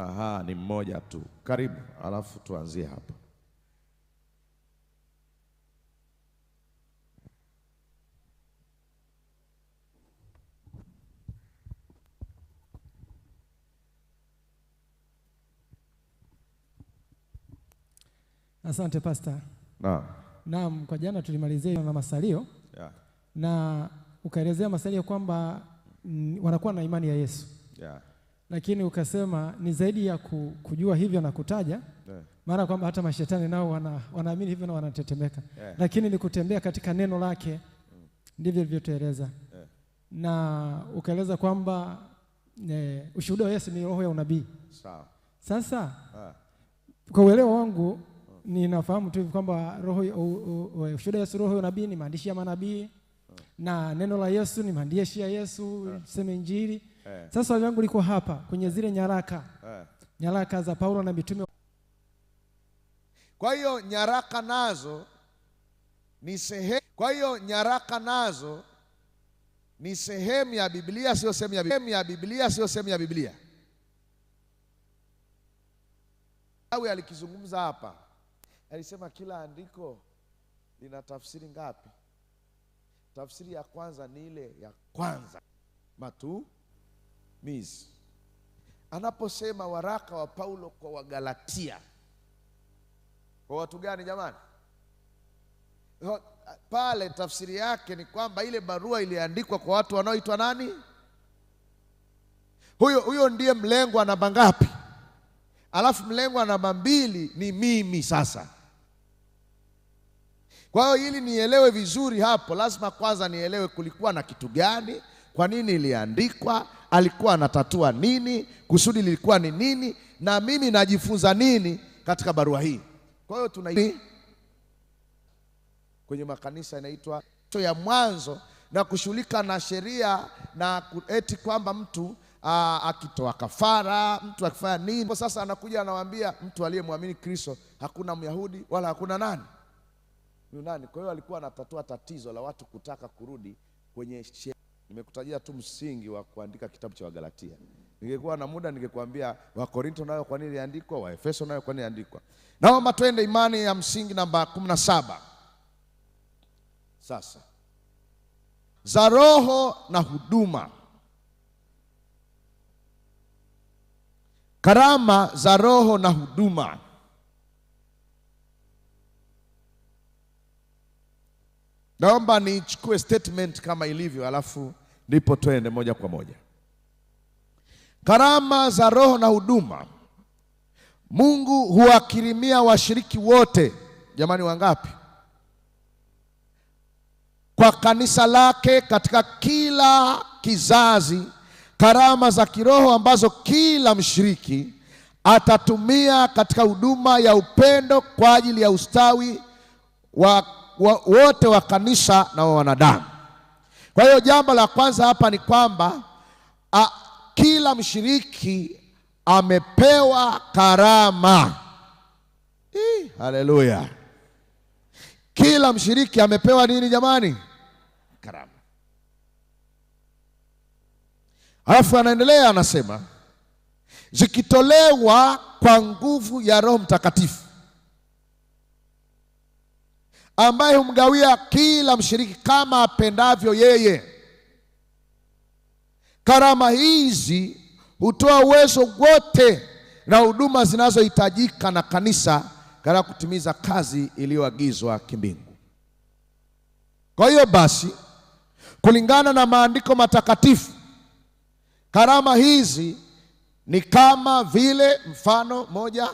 Aha, ni mmoja tu. Karibu, alafu tuanzie hapa. Asante Pasta. Naam. Naam, kwa jana tulimalizia na masalio yeah. na ukaelezea masalio kwamba mm, wanakuwa na imani ya Yesu yeah lakini ukasema ni zaidi ya kujua hivyo na kutaja yeah. Maana kwamba hata mashetani nao wana, wanaamini hivyo na wanatetemeka yeah. Lakini ni kutembea katika neno lake mm. Ndivyo ilivyotueleza yeah. Na ukaeleza kwamba e, ushuhuda wa Yesu ni roho ya unabii Sasa yeah. Kwa uelewa wangu ninafahamu tu hivi kwamba roho ushuhuda Yesu roho ya unabii ni maandishi ya manabii yeah. Na neno la Yesu ni maandishi ya Yesu yeah. Sema Injili Eh. Sasa swali langu liko hapa kwenye zile nyaraka eh, nyaraka za Paulo na mitume. Kwa hiyo nyaraka nazo ni sehemu, kwa hiyo nyaraka nazo ni sehemu ya Biblia, sio sehemu ya Biblia, ya Biblia sio sehemu ya Biblia. Au alikizungumza hapa, alisema kila andiko lina tafsiri ngapi? Tafsiri ya kwanza ni ile ya kwanza matu mizi. Anaposema waraka wa Paulo kwa Wagalatia, kwa watu gani jamani? Pale tafsiri yake ni kwamba ile barua iliandikwa kwa watu wanaoitwa nani? Huyo huyo ndiye mlengwa namba ngapi? Alafu mlengwa namba mbili ni mimi sasa. Kwa hiyo ili nielewe vizuri hapo, lazima kwanza nielewe kulikuwa na kitu gani, kwa nini iliandikwa, alikuwa anatatua nini, kusudi lilikuwa ni nini, na mimi najifunza nini katika barua hii. Kwa hiyo tuna kwenye makanisa inaitwa ya mwanzo na kushughulika na sheria na eti kwamba mtu akitoa kafara, mtu akifanya nini. Kwa sasa anakuja anawaambia mtu aliyemwamini Kristo hakuna Myahudi wala hakuna nani Yunani. Kwa hiyo alikuwa anatatua tatizo la watu kutaka kurudi kwenye sheria. Nimekutajia tu msingi wa kuandika kitabu cha Wagalatia. Ningekuwa na muda ningekuambia Wakorinto nayo kwa nini iliandikwa, Waefeso nayo kwa nini iliandikwa. Naomba twende imani ya msingi namba kumi na saba sasa za roho na huduma. Karama za roho na huduma. Naomba nichukue statement kama ilivyo, alafu ndipo twende moja kwa moja karama za roho na huduma. Mungu huwakirimia washiriki wote, jamani, wangapi? Kwa kanisa lake katika kila kizazi, karama za kiroho ambazo kila mshiriki atatumia katika huduma ya upendo kwa ajili ya ustawi wa, wa, wote wa kanisa na wa wanadamu. Kwa hiyo jambo la kwanza hapa ni kwamba a, kila mshiriki amepewa karama. Haleluya! Kila mshiriki amepewa nini jamani? Karama. Alafu anaendelea anasema, zikitolewa kwa nguvu ya Roho Mtakatifu ambaye humgawia kila mshiriki kama apendavyo yeye. Karama hizi hutoa uwezo wote na huduma zinazohitajika na kanisa katika kutimiza kazi iliyoagizwa kimbingu. Kwa hiyo basi, kulingana na maandiko matakatifu, karama hizi ni kama vile mfano moja,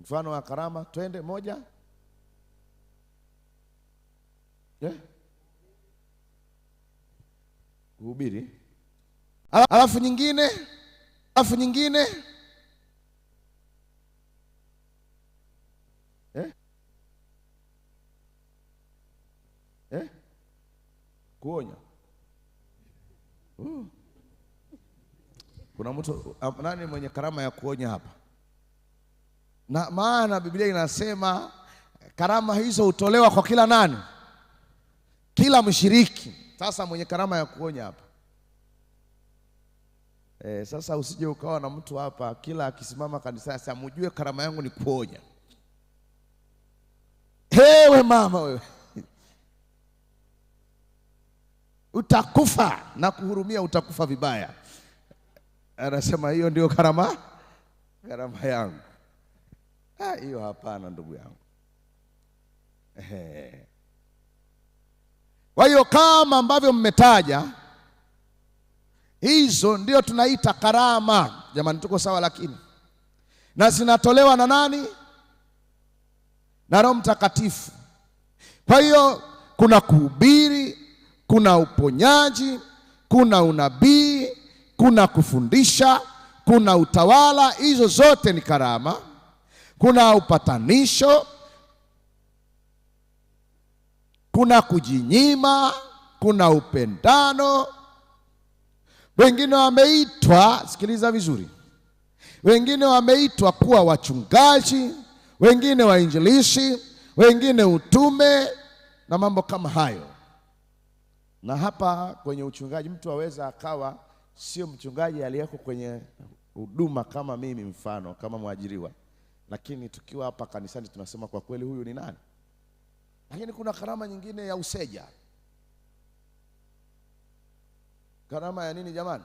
mfano wa karama, twende moja eh? yeah. alafu nyingine alafu nyingine eh? Eh? kuonya uh. Kuna mtu nani mwenye karama ya kuonya hapa? Na maana Biblia inasema karama hizo hutolewa kwa kila nani? kila mshiriki. Sasa mwenye karama ya kuonya hapa e, sasa usije ukawa na mtu hapa kila akisimama kanisani sasa, mjue karama yangu ni kuonya. Hewe mama wewe, utakufa na kuhurumia, utakufa vibaya. Anasema hiyo ndio karama karama yangu ah, hiyo. Ha, hapana ndugu yangu. Kwa hiyo kama ambavyo mmetaja, hizo ndio tunaita karama. Jamani, tuko sawa? Lakini na zinatolewa na nani? Na Roho Mtakatifu. Kwa hiyo kuna kuhubiri, kuna uponyaji, kuna unabii, kuna kufundisha, kuna utawala. Hizo zote ni karama. Kuna upatanisho kuna kujinyima, kuna upendano. Wengine wameitwa, sikiliza vizuri, wengine wameitwa kuwa wachungaji, wengine wainjilishi, wengine utume na mambo kama hayo. Na hapa kwenye uchungaji, mtu aweza akawa sio mchungaji aliyeko kwenye huduma kama mimi, mfano kama mwajiriwa, lakini tukiwa hapa kanisani tunasema kwa kweli, huyu ni nani? Lakini kuna karama nyingine ya useja. Karama ya nini jamani?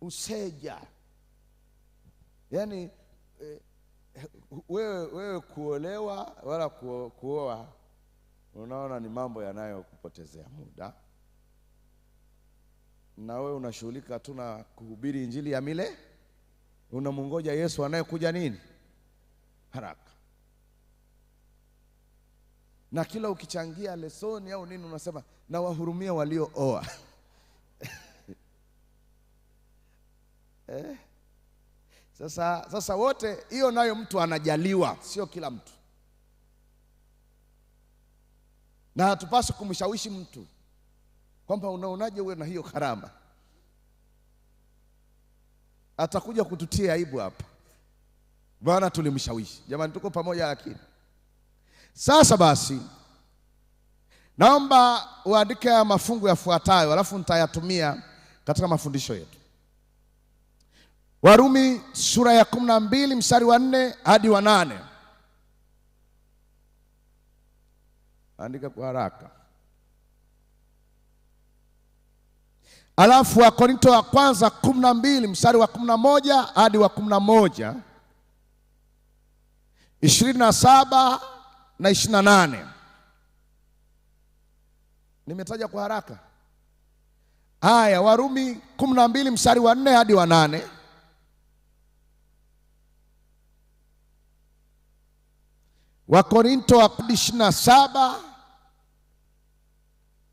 Useja yaani eh, wewe wewe kuolewa wala kuoa unaona ni mambo yanayokupotezea muda, na wewe unashughulika tu na kuhubiri injili ya mile, unamngoja Yesu anayekuja nini haraka na kila ukichangia lesoni au nini unasema nawahurumia waliooa. Eh? Sasa, sasa wote hiyo nayo mtu anajaliwa, sio kila mtu, na hatupaswi kumshawishi mtu kwamba unaonaje uwe na hiyo karama, atakuja kututia aibu hapa. Bwana, tulimshawishi jamani, tuko pamoja lakini sasa basi, naomba uandike haya mafungu yafuatayo, alafu nitayatumia katika mafundisho yetu. Warumi sura ya kumi na mbili mstari wa nne hadi wa nane. Andika kwa haraka. Alafu Wakorinto wa kwanza kumi na mbili mstari wa kumi na moja hadi wa kumi na moja ishirini na saba na ishirini na nane. Nimetaja kwa haraka haya, Warumi kumi na mbili mstari wa nne hadi wa nane. Wakorinto wa kumi ishirini na saba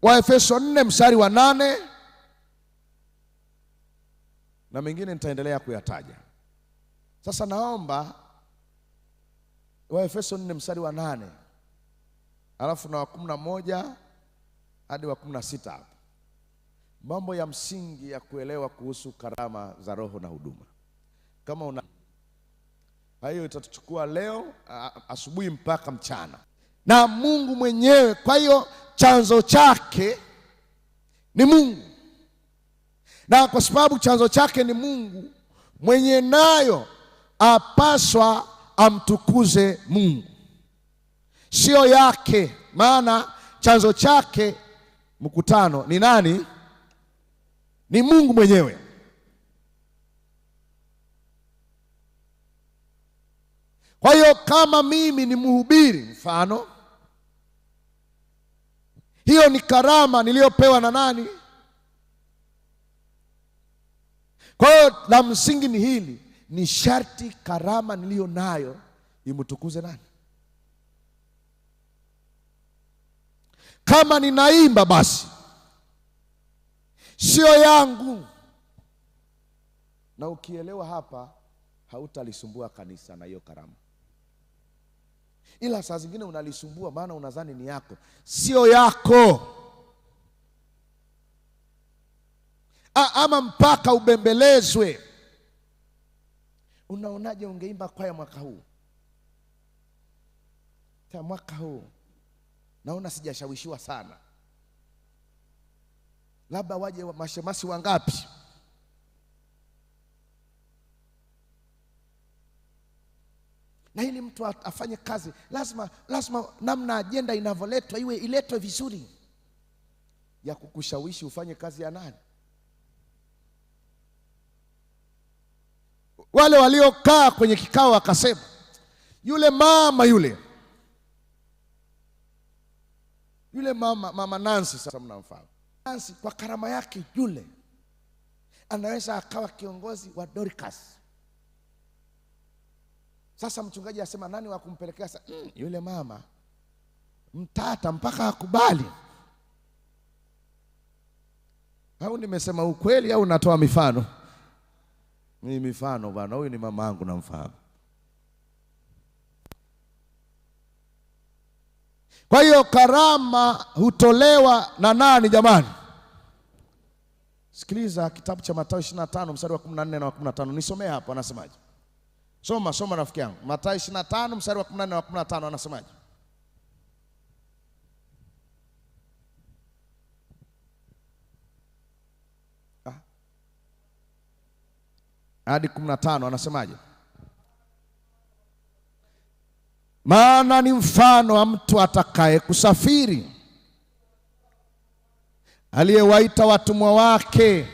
Waefeso nne mstari wa nane na mengine nitaendelea kuyataja. Sasa naomba Waefeso 4 mstari wa nane alafu na wa kumi na moja hadi wa kumi na sita hapo mambo ya msingi ya kuelewa kuhusu karama za Roho na huduma kama una hiyo itatuchukua leo asubuhi mpaka mchana, na Mungu mwenyewe. Kwa hiyo chanzo chake ni Mungu, na kwa sababu chanzo chake ni Mungu mwenye, nayo apaswa amtukuze Mungu, sio yake, maana chanzo chake mkutano ni nani? Ni Mungu mwenyewe. Kwa hiyo kama mimi ni mhubiri mfano, hiyo ni karama niliyopewa na nani? Kwa hiyo la msingi ni hili, ni sharti karama niliyo nayo imtukuze nani? Kama ninaimba basi sio yangu. Na ukielewa hapa, hautalisumbua kanisa na hiyo karama, ila saa zingine unalisumbua, maana unadhani ni yako. Sio yako. A, ama mpaka ubembelezwe unaonaje ungeimba kwaya mwaka huu? Ta mwaka huu naona sijashawishiwa sana, labda waje wa mashemasi wangapi? Na ili mtu afanye kazi lazima, lazima namna ajenda inavyoletwa iwe iletwe vizuri ya kukushawishi ufanye kazi ya nani Wale waliokaa kwenye kikao akasema yule mama yule yule mama, mama Nancy, sasa mnamfahamu Nancy, kwa karama yake yule anaweza akawa kiongozi wa Dorcas. Sasa mchungaji asema nani wa kumpelekea sasa? Mm, yule mama mtata mpaka akubali. Au nimesema ukweli au natoa mifano? Ni mifano bwana, huyu ni mama yangu namfahamu. Kwa hiyo karama hutolewa na nani jamani? Sikiliza kitabu cha Mathayo 25 mstari wa 14 na wa 15. Nisomee hapo anasemaje? Soma soma rafiki yangu. Mathayo 25 mstari wa 14 na wa 15 anasemaje? hadi kumi na tano anasemaje? Maana ni mfano wa mtu atakaye kusafiri aliyewaita watumwa wake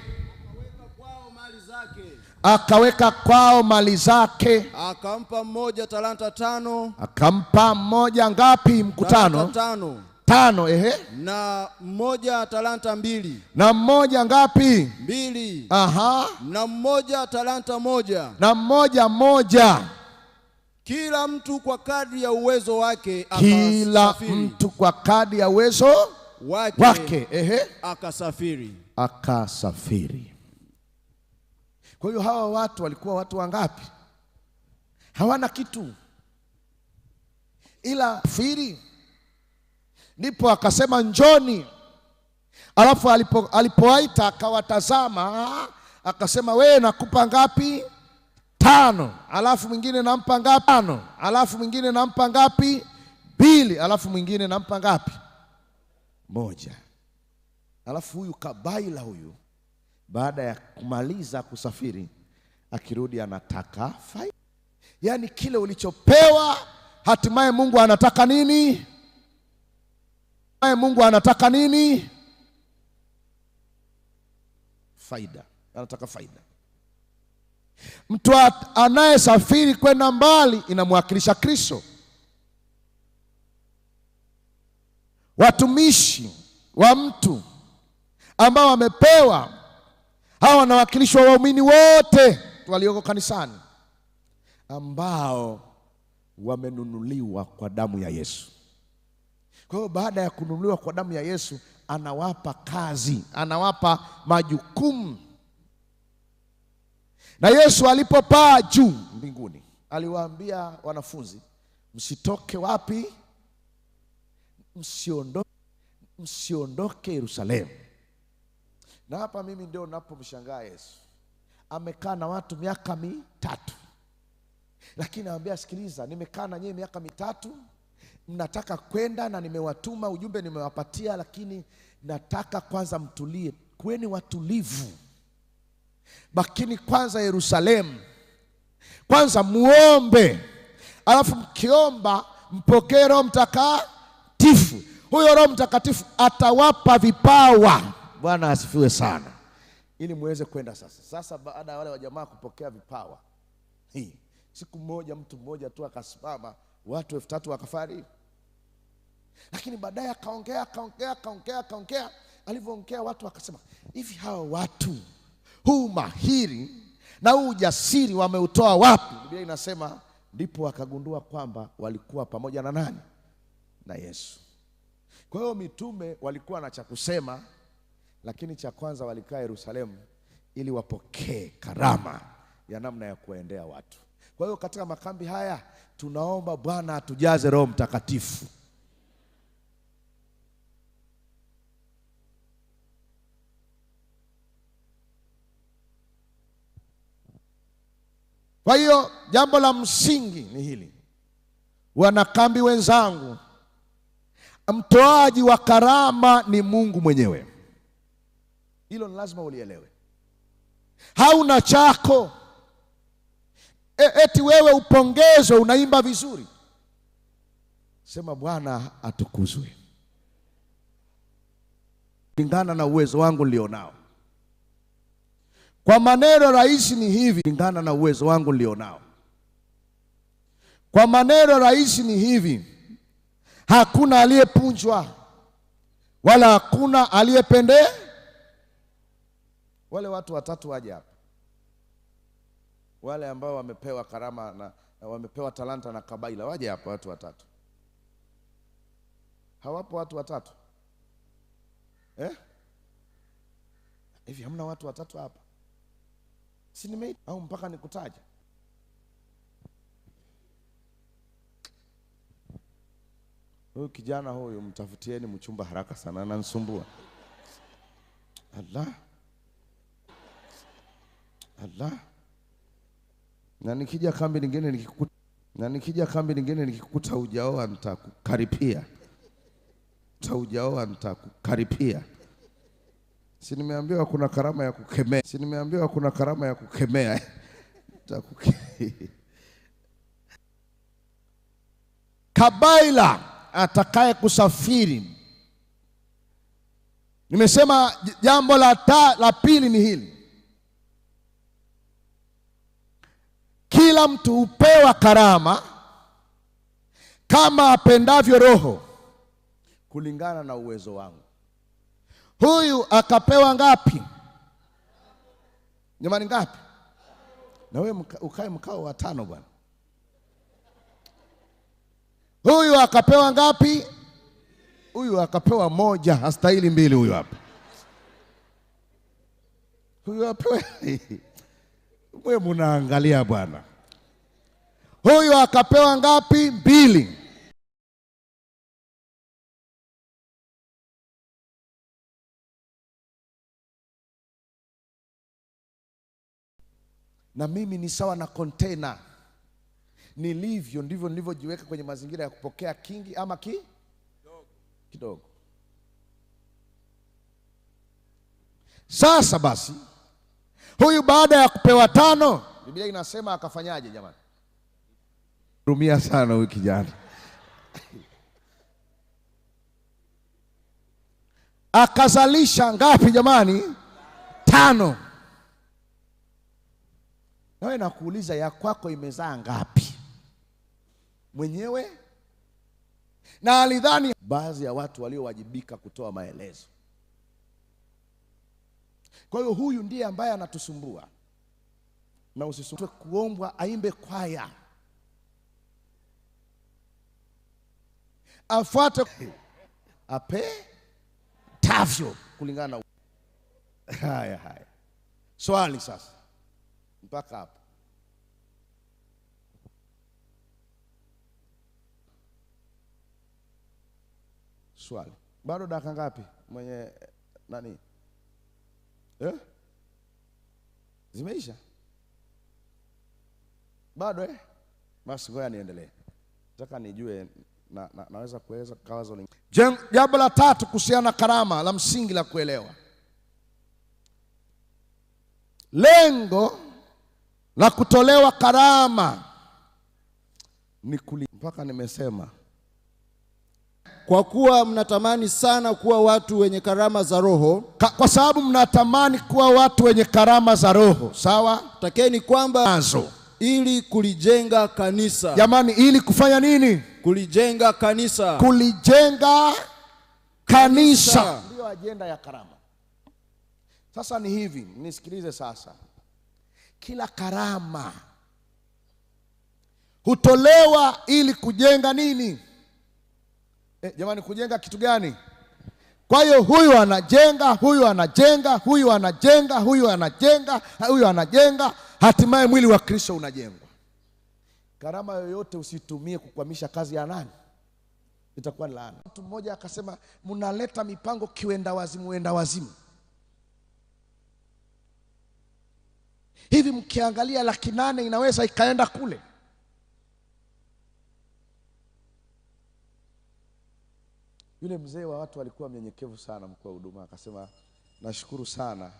akaweka kwao mali zake, akampa mmoja talanta tano, akampa mmoja ngapi? Mkutano, talanta tano tano. Ehe, na mmoja talanta mbili. Na mmoja ngapi? Mbili. Aha. Na mmoja talanta moja. Na mmoja moja. Kila mtu kwa kadri ya uwezo wake akasafiri. Kila mtu kwa kadri ya uwezo wake, wake. Ehe, akasafiri akasafiri. Kwa hiyo hawa watu walikuwa watu wangapi? Hawana kitu ila firi ndipo akasema njoni. Alafu alipo, alipowaita akawatazama akasema, wewe nakupa ngapi? Tano. Alafu mwingine nampa ngapi? Tano. Alafu mwingine nampa ngapi? Mbili. Alafu mwingine nampa ngapi? Moja. Alafu huyu kabaila huyu, baada ya kumaliza kusafiri, akirudi anataka faida. Yaani kile ulichopewa, hatimaye Mungu anataka nini? Mungu anataka nini? Faida, anataka faida. Mtu anayesafiri kwenda mbali inamwakilisha Kristo. Watumishi wa mtu ambao wamepewa, hawa wanawakilishwa waumini wote walioko kanisani ambao wamenunuliwa kwa damu ya Yesu. Kwa hiyo baada ya kununuliwa kwa damu ya Yesu anawapa kazi, anawapa majukumu. Na Yesu alipopaa juu mbinguni aliwaambia wanafunzi, msitoke wapi? Msiondoke, msiondoke Yerusalemu. Na hapa mimi ndio napomshangaa Yesu. Amekaa na watu miaka mitatu, lakini anawaambia sikiliza, nimekaa na nyie miaka mitatu mnataka kwenda na nimewatuma ujumbe, nimewapatia, lakini nataka kwanza mtulie. Kuweni watulivu, bakini kwanza Yerusalemu, kwanza muombe, alafu mkiomba mpokee Roho Mtakatifu. Huyo Roho Mtakatifu atawapa vipawa. Bwana asifiwe sana, ili muweze kwenda sasa. Sasa baada ya wale wajamaa kupokea vipawa hii, siku moja mtu mmoja tu akasimama, watu elfu tatu wakafariki lakini baadaye akaongea akaongea akaongea akaongea. Alivyoongea watu wakasema hivi, hawa watu huu mahiri na huu ujasiri wameutoa wapi? Biblia inasema ndipo wakagundua kwamba walikuwa pamoja na nani? Na Yesu. Kwa hiyo mitume walikuwa na cha kusema, lakini cha kwanza walikaa Yerusalemu ili wapokee karama ya namna ya kuwaendea watu. Kwa hiyo katika makambi haya tunaomba Bwana atujaze Roho Mtakatifu. Kwa hiyo jambo la msingi ni hili, wanakambi wenzangu, mtoaji wa karama ni Mungu mwenyewe. Hilo ni lazima ulielewe, hauna chako e, eti wewe upongezwe, unaimba vizuri, sema Bwana atukuzwe, kulingana na uwezo wangu nilionao. Kwa maneno rahisi ni hivi, lingana na uwezo wangu nilionao. Kwa maneno rahisi ni hivi, hakuna aliyepunjwa wala hakuna aliyependee. Wale watu watatu waje hapa, wale ambao wamepewa karama na wamepewa talanta na kabaila waje hapa, watu watatu. Hawapo watu watatu eh? Hivi hamna watu watatu hapa? si au mpaka nikutaja? Huyu kijana huyu mtafutieni mchumba haraka sana, anansumbua Allah Allah, na nikija kambi nyingine nikikuta, na nikija kambi nyingine nikikuta hujaoa nitakukaripia, nitakukaripia Si nimeambiwa kuna karama ya kukemea. Si nimeambiwa kuna karama ya kukemea. Kabaila atakaye kusafiri. Nimesema jambo la ta, la pili ni hili. Kila mtu hupewa karama kama apendavyo Roho kulingana na uwezo wangu. Huyu akapewa ngapi? Jamani, ngapi? Na wewe ukae mkao wa tano bwana. Huyu akapewa ngapi? Huyu akapewa moja, hastahili mbili. Huyu hapa, huyu apewa mwe, munaangalia bwana. Huyu akapewa ngapi? Mbili. na mimi ni sawa na kontena nilivyo ndivyo nilivyojiweka kwenye mazingira ya kupokea kingi ama ki kidogo. Sasa basi, huyu baada ya kupewa tano, Biblia inasema akafanyaje? Jamani, rumia sana huyu kijana akazalisha ngapi? Jamani, tano. Nawe nakuuliza ya kwako imezaa ngapi mwenyewe? Na alidhani baadhi ya watu waliowajibika kutoa maelezo. Kwa hiyo huyu ndiye ambaye anatusumbua, na usisumbue kuombwa aimbe kwaya, afuate apetavyo kulingana na haya haya. Swali sasa mpaka hapo. Swali bado dakika ngapi? Mwenye nani eh? Zimeisha bado eh? Basi ngoja niendelee, nataka nijue na, na, naweza kueleza kawazo lingine. Jambo la tatu kuhusiana na karama la msingi la kuelewa lengo la kutolewa karama ni kuli mpaka nimesema, kwa kuwa mnatamani sana kuwa watu wenye karama za Roho Ka, kwa sababu mnatamani kuwa watu wenye karama za Roho. Sawa, takeni kwamba nazo ili kulijenga kanisa. Jamani, ili kufanya nini? Kulijenga kanisa, kulijenga kanisa, ndio ajenda ya karama. Sasa ni hivi, nisikilize sasa. Kila karama hutolewa ili kujenga nini? E, jamani, kujenga kitu gani? Kwa hiyo huyu anajenga, huyu anajenga, huyu anajenga, huyu anajenga, huyu anajenga, hatimaye mwili wa Kristo unajengwa. Karama yoyote usitumie kukwamisha kazi ya nani? Itakuwa laana. Mtu mmoja akasema, mnaleta mipango kiwenda wazimu, wenda wazimu hivi mkiangalia laki nane inaweza ikaenda kule yule mzee wa watu alikuwa mnyenyekevu sana mkuu wa huduma akasema nashukuru sana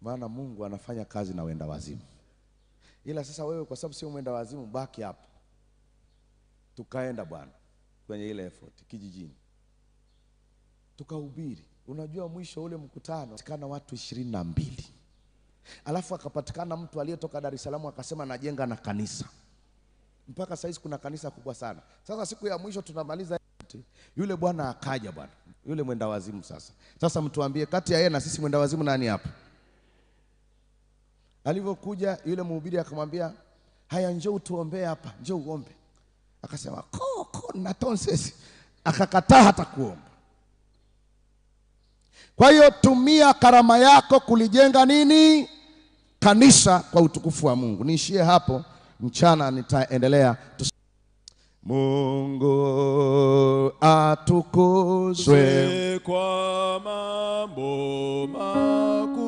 maana mungu anafanya kazi na wenda wazimu ila sasa wewe kwa sababu sio mwenda wazimu baki hapo tukaenda bwana kwenye ile effort kijijini tukahubiri unajua mwisho ule mkutano sikana watu ishirini na mbili Alafu akapatikana mtu aliyetoka Dar es Salaam akasema najenga na kanisa. Mpaka saizi kuna kanisa kubwa sana. Sasa siku ya mwisho tunamaliza yule bwana akaja bwana. Yule mwenda wazimu sasa. Sasa mtuambie kati ya yeye na sisi mwenda wazimu nani hapa? Alivyokuja yule mhubiri akamwambia, "Haya njoo utuombee hapa, njoo uombe." Akasema, "Ko ko na tonsesi." Akakataa hata kuomba. Kwa hiyo tumia karama yako kulijenga nini? kanisa kwa utukufu wa Mungu. Niishie hapo, mchana nitaendelea. Mungu atukuzwe kwa mambo makuu